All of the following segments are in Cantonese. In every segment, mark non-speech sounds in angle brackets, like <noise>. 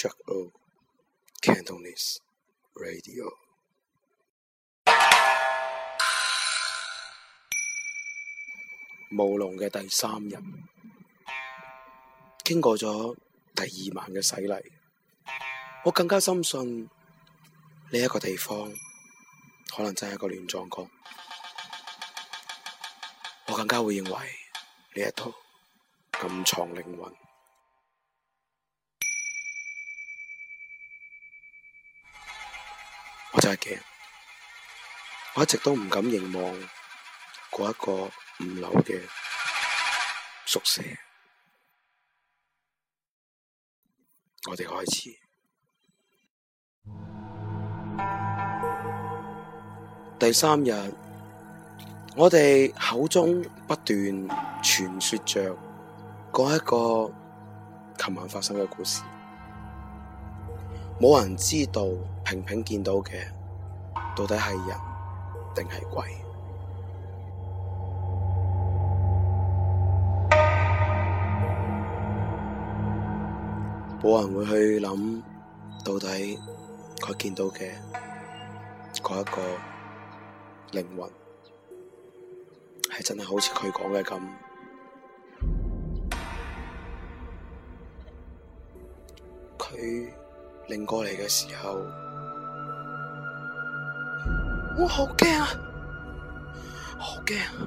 Check out Cantonese Radio 霧龍嘅第三日，經過咗第二晚嘅洗禮，我更加深信呢一個地方可能真係個亂葬崗。我更加會認為呢一套暗藏靈魂。我一直都唔敢凝望嗰一個五樓嘅宿舍。我哋開始第三日，我哋口中不斷傳說着嗰一個琴晚發生嘅故事。冇人知道平平見到嘅。到底係人定係鬼？冇人會去諗到底佢見到嘅嗰一個靈魂係真係好似佢講嘅咁，佢擰過嚟嘅時候。我好驚啊，好驚啊！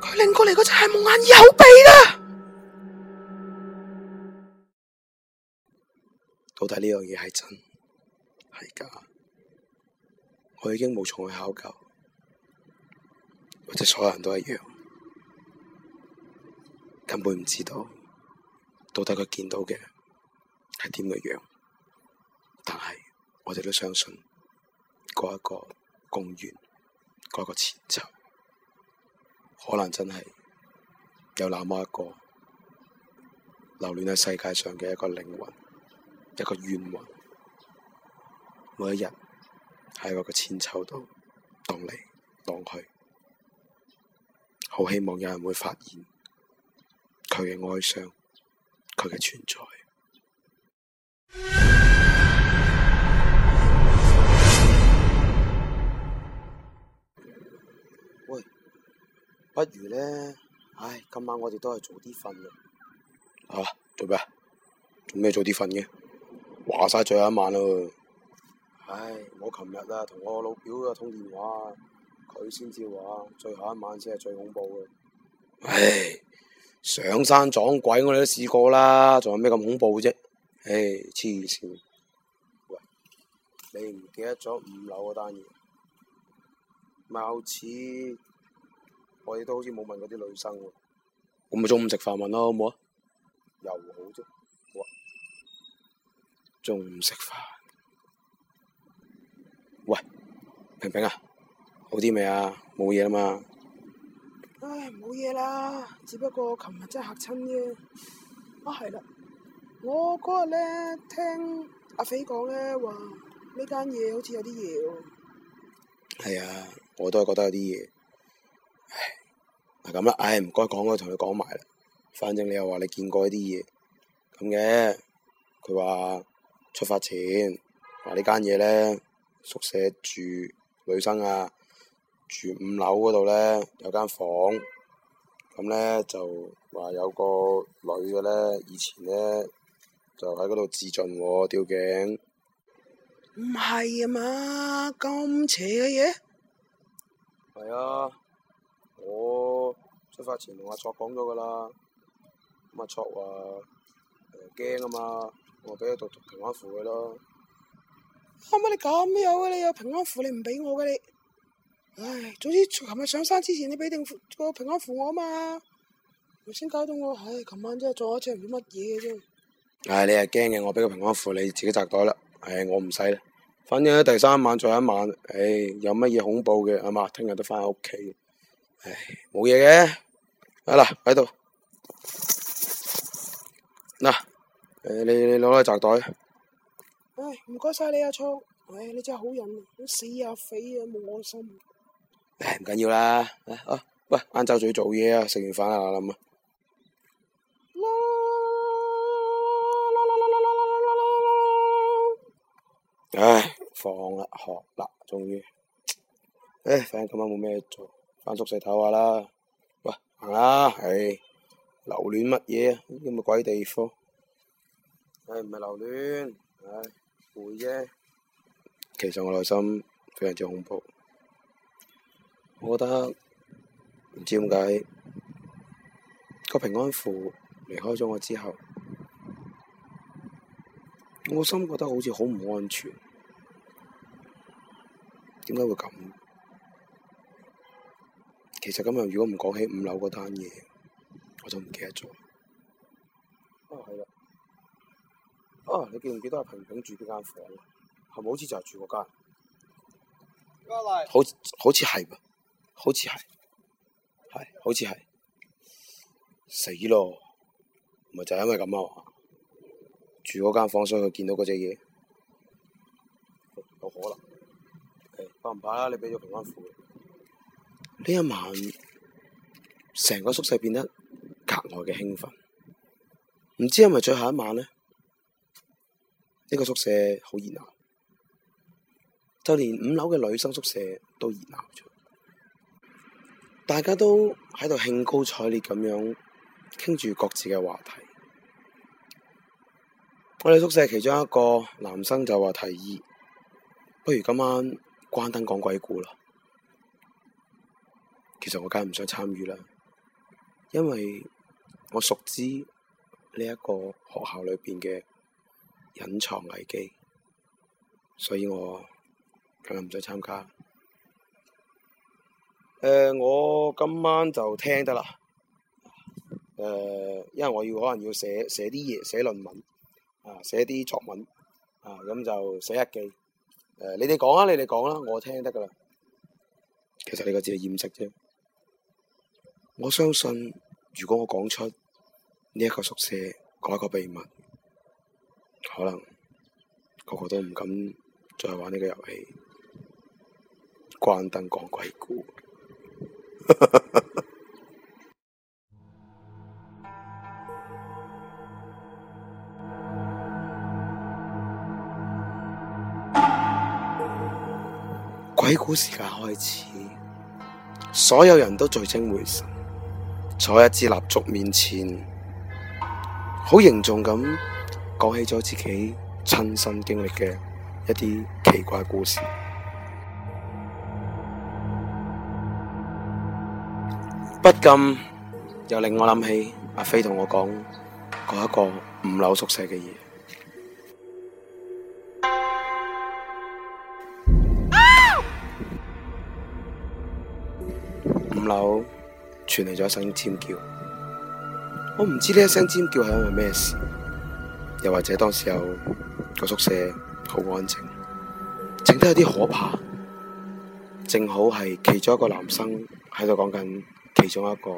佢擰過嚟嗰隻係無眼耳口鼻啦！到底呢樣嘢係真係假？我已經無從去考究，或者所有人都一樣，根本唔知道到底佢見到嘅係點嘅樣。但係我哋都相信。嗰一個公園，嗰個鞦韆，可能真係有那麼一個留戀喺世界上嘅一個靈魂，一個冤魂，每一日喺嗰個鞦韆度蕩嚟蕩去，好希望有人會發現佢嘅哀傷，佢嘅存在。不如咧，唉，今晚我哋都係早啲瞓啦。吓、啊，做咩？做咩早啲瞓嘅？話晒最後一晚咯。唉，我琴日啊同我老表啊通電話，佢先至話最後一晚先係最恐怖嘅。唉，上山撞鬼我哋都試過啦，仲有咩咁恐怖啫？唉，黐綫！喂，你唔記得咗五樓嗰單嘢，貌似。我哋都好似冇問嗰啲女生喎。咁咪中午食飯問咯，好唔好啊？又好啫，好，仲唔食飯？喂，平平啊，好啲未啊？冇嘢啦嘛。唉，冇嘢啦，只不過琴日真係嚇親啫。啊，係啦，我嗰日咧聽阿肥講咧話，呢間嘢好似有啲嘢喎。係啊，我都係覺得有啲嘢。嗱咁啦，唉，唔該講，我同你講埋啦。反正你又話你見過呢啲嘢，咁嘅。佢話出發前，話呢間嘢咧，宿舍住女生啊，住五樓嗰度咧有間房，咁咧就話有個女嘅咧，以前咧就喺嗰度自盡，吊頸。唔係啊嘛，咁邪嘅嘢？係啊，哎，我。出發前同阿卓講咗噶啦，阿卓話驚啊嘛，我俾佢讀平安符佢咯。阿媽、啊、你咁都有嘅，你有平安符你唔俾我嘅你。唉，早知琴日上山之前你俾定個平安符我啊嘛。頭先搞到我，唉，琴晚真係撞一隻唔知乜嘢嘅啫。唉、哎，你係驚嘅，我俾個平安符你自己摘袋啦。唉、哎，我唔使啦。反正喺第三晚再一晚，唉、哎，有乜嘢恐怖嘅啊嘛？聽日都翻屋企。唉、哎，冇嘢嘅。哎係啦，喺度。嗱，誒，你你攞個紮袋。唉，唔該晒你阿聰，唉，你真係好人，好死阿肥啊，冇我心。唔緊要啦，啊，喂，晏晝仲要做嘢啊，食完飯啦，阿林啊。啦啦啦啦啦啦啦啦啦啦啦！唉，放啦學啦，終於。唉，反正今晚冇咩做，翻宿舍唞下啦。啊，係留戀乜嘢啊？呢啲咩鬼地方？唉、哎，唔係留戀，唉、哎，攰啫。其實我內心非常之恐怖。我覺得唔知點解個平安符離開咗我之後，我心覺得好似好唔安全，點解會咁？其實今日如果唔講起五樓嗰單嘢，我就唔記得咗。哦、啊，係啦，哦、啊，你記唔記得阿平炳住邊間房啊？係咪好似就係住嗰間？好，好似係，好似係，係，好似係。死咯，咪就係因為咁啊，住嗰間房所以佢見到嗰隻嘢，有可能。誒、okay，怕唔怕啦，你俾咗平安符。呢一晚，成個宿舍變得格外嘅興奮，唔知係咪最後一晚呢？呢個宿舍好熱鬧，就連五樓嘅女生宿舍都熱鬧咗，大家都喺度興高采烈咁樣傾住各自嘅話題。我哋宿舍其中一個男生就話提議不如今晚關燈講鬼故啦。其實我梗係唔想參與啦，因為我熟知呢一個學校裏邊嘅隱藏危機，所以我梗係唔想參加。誒、呃，我今晚就聽得啦。誒、呃，因為我要可能要寫寫啲嘢，寫，寫論文啊，寫啲作文啊，咁就寫日記。誒、呃，你哋講啊，你哋講啦，我聽得噶啦。其實呢個只係掩飾啫。我相信，如果我講出呢一、呢個宿舍改、呢個秘密，可能個個都唔敢再玩呢個遊戲。關燈講鬼故， <laughs> 鬼故事嘅開始，所有人都聚精會神。坐喺一支蠟燭面前，好凝重咁講起咗自己親身經歷嘅一啲奇怪故事， <noise> 不禁又令我諗起阿飛同我講過一個五樓宿舍嘅嘢。 <noise> 五樓。傳嚟咗一聲尖叫，我唔知呢一聲尖叫係因為咩事，又或者當時有個宿舍好安靜，靜得有啲可怕。正好係其中一個男生喺度講緊其中一個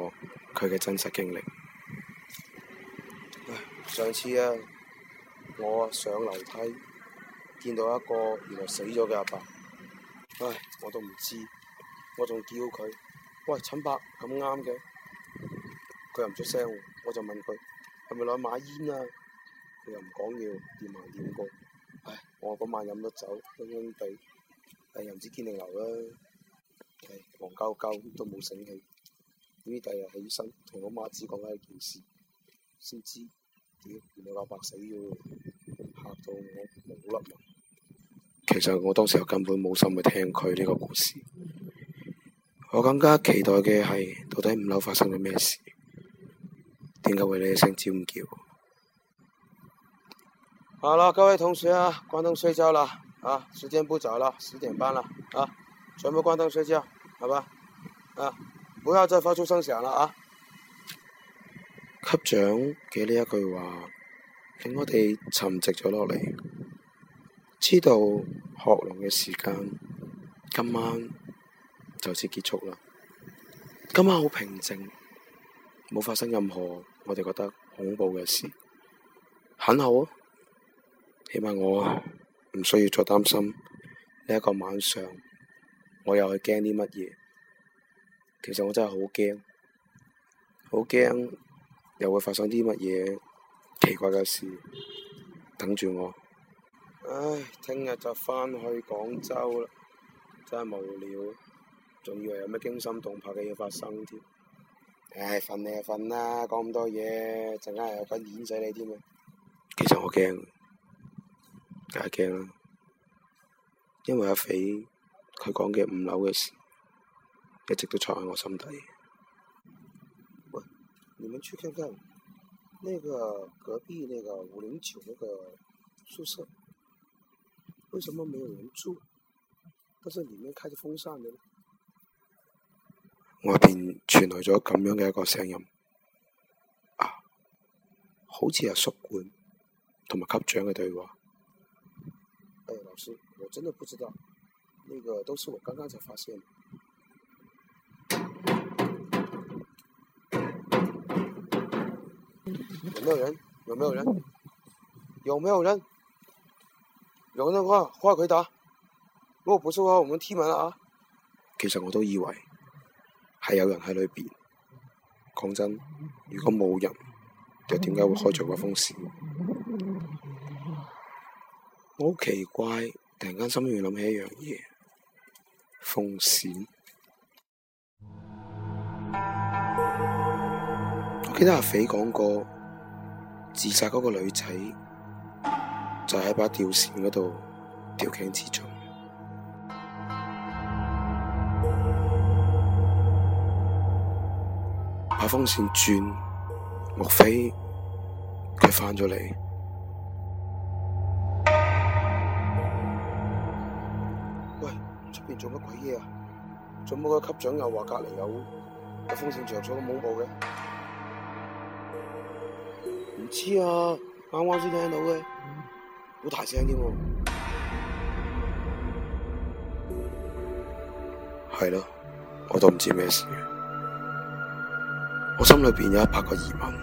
佢嘅真實經歷。唉，上次啊，我上樓梯見到一個原來死咗嘅阿伯，唉，我都唔知，我仲叫佢。喂，陳伯咁啱嘅，佢又唔出聲，我就問佢係咪攞去買煙啊？佢又唔講要掂埋掂過，唉！我嗰晚飲咗酒，昏昏地，但又唔知堅定流啦，黃鳩鳩都冇醒起。點知第二日起身同老媽子講緊一件事，先知點，原來老伯死咗，嚇到我冇粒物。其實我當時又根本冇心去聽佢呢個故事。我更加期待嘅係，到底五樓發生咗咩事？點解會你一聲尖叫？好啦，各位同學啊，關燈睡覺啦！啊，時間不早啦，十點半啦！啊，全部關燈睡覺，好吧？啊，唔好再發出聲響啦！啊，級長嘅呢一句話，令我哋沉寂咗落嚟，知道學龍嘅時間，今晚。就此結束啦！今晚好平靜，冇發生任何我哋覺得恐怖嘅事，很好。起碼我唔需要再擔心呢一個晚上，我又係驚啲乜嘢？其實我真係好驚，好驚又會發生啲乜嘢奇怪嘅事等住我。唉，聽日就返去廣州啦！真係無聊。仲以為有咩驚心動魄嘅嘢發生添，唉、哎，瞓你就瞓啦，講咁多嘢，陣間又有鬼碾死你添啊！其實我驚，梗係驚啦，因為阿肥佢講嘅五樓嘅事一直都藏喺我心底。喂，你們去看看那個隔壁那個五零九那個宿舍，為什麼沒有人住，但是裡面開著風扇嘅呢？外邊傳來咗咁樣嘅一個聲音，啊，好似係宿管同埋級長嘅對話。哎，老師，我真的不知道，呢、那個都是我剛剛才發現。 <noise> 有冇有人？有冇有人？有冇有人？有人話話回答，如果不是話，我們踢門啦啊！其實我都以為。係有人喺裏邊，講真，如果冇人，又點解會開咗個風扇？ <noise> 我好奇怪！突然間心裏面諗起一樣嘢，風扇。 <noise> 我記得阿肥講過，自殺嗰個女仔就喺把吊扇嗰度吊頸自盡。把風扇轉，莫非佢翻咗嚟？喂，出邊做乜鬼嘢啊？做乜個級長又話隔籬有個風扇着咗咁恐怖嘅？唔知啊，啱啱先聽到嘅，好大聲添。係咯，我都唔知咩事。我心裏邊有一百個疑問，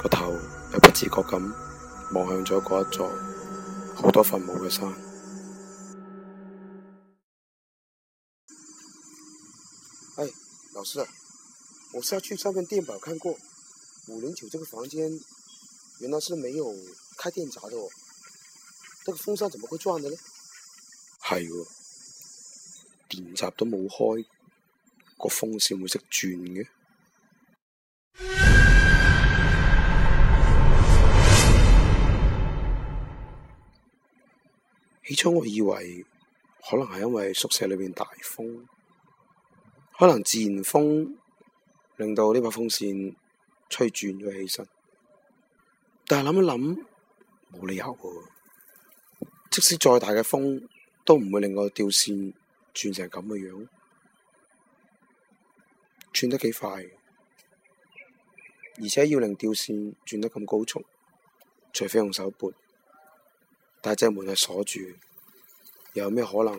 個頭又不自覺咁望向咗嗰一座好多墳墓嘅山。哎，老師啊，我上去上面電表看過，五零九這個房間原來是沒有開電閘的哦，這個風扇怎麼會轉的呢？係喎，電閘都冇開，個風扇會識轉嘅？起初我以為可能係因為宿舍裏面大風，可能自然風令到呢把風扇吹轉咗起身。但係諗一諗，冇理由嘅，啊。即使再大嘅風，都唔會令個吊扇轉成咁嘅樣，樣，轉得幾快。而且要令吊扇轉得咁高速，除非用手撥。但係隻門係鎖住，又有咩可能？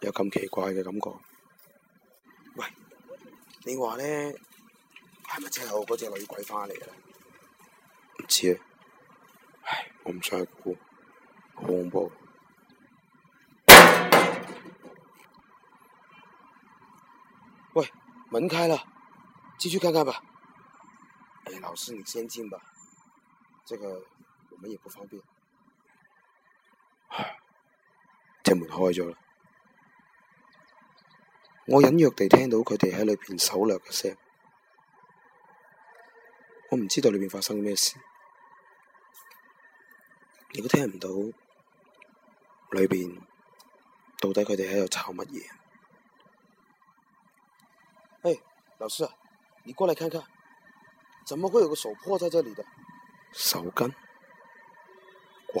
有咁奇怪嘅感覺？喂，你話咧，係咪真係我嗰隻女鬼翻嚟啦？唔知啊，唉，我唔想估，恐怖。喂，門開了，進去看看吧。誒、哎，老師，你先進吧，這個我們也不方便。門開咗啦，我隱約地聽到佢哋喺裏邊手掠嘅聲，我唔知道裏面發生咩事，亦都聽唔到裏邊到底佢哋喺度吵乜嘢。哎，hey, 老師，你過嚟看看，怎麼會有個手破在這裏的？手巾，怪。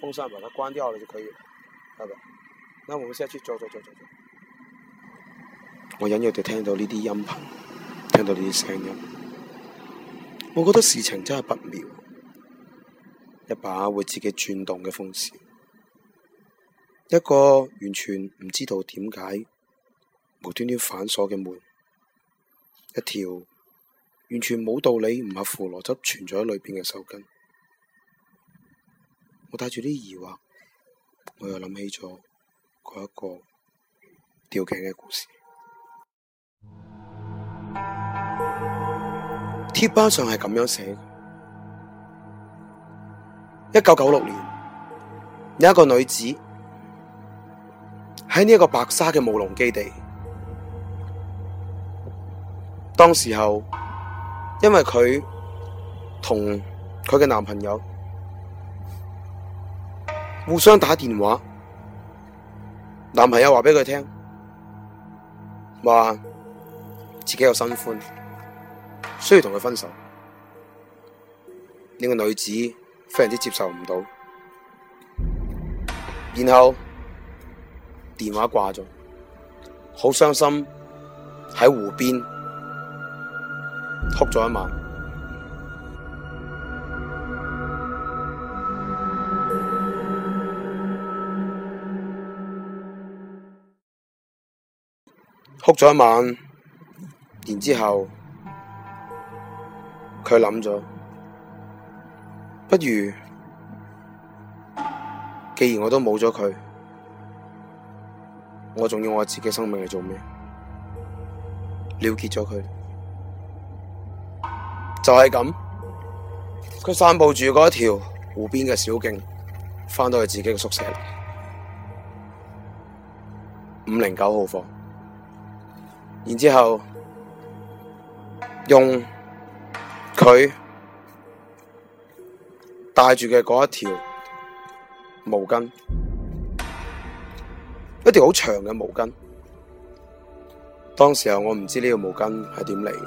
風扇把它關掉了就可以了，係咪？那我們下去走走走走走。我隱約地聽到呢啲音頻，聽到呢啲聲音，我覺得事情真係不妙。一把會自己轉動嘅風扇，一個完全唔知道點解無端端反鎖嘅門，一條完全冇道理唔合乎邏輯存在喺裏邊嘅手巾。我帶住啲疑惑，我又諗起咗佢一個吊頸嘅故事。貼吧上係咁樣寫：一九九六年，有一個女子喺呢一個白沙嘅務農基地，當時候因為佢同佢嘅男朋友。互相打電話，男朋友話畀佢聽，話自己有新歡，需要同佢分手，呢個女子非常之接受唔到，然後電話掛咗，好傷心喺湖邊哭咗一晚。哭咗一晚，然之後佢諗咗，不如既然我都冇咗佢，我仲要我自己生命嚟做咩？了結咗佢，就係咁。佢散步住嗰條湖邊嘅小徑，返到去自己嘅宿舍，五零九號房。然之後，用佢帶住嘅嗰一條毛巾，一條好長嘅毛巾。當時候我唔知呢條毛巾係點嚟嘅，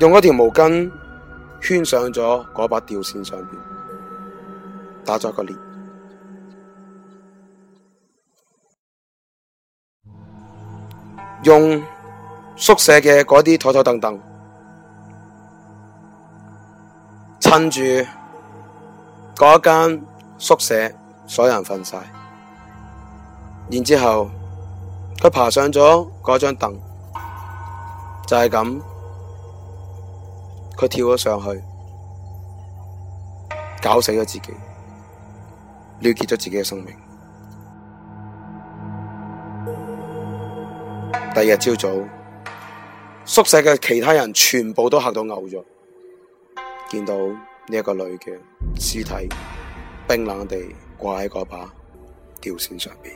用嗰條毛巾圈上咗嗰把吊扇上面，打咗個結。用宿舍嘅嗰啲台台凳凳，趁住嗰間宿舍所有人瞓晒，然之後佢爬上咗嗰張凳，就係咁，佢跳咗上去，搞死咗自己，了結咗自己嘅生命。第二日朝早，宿舍嘅其他人全部都嚇到傻咗，見到呢個女嘅屍體冰冷地掛喺嗰把吊扇上邊。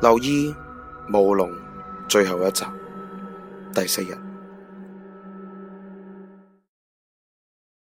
留意《霧龍》最後一集第四日。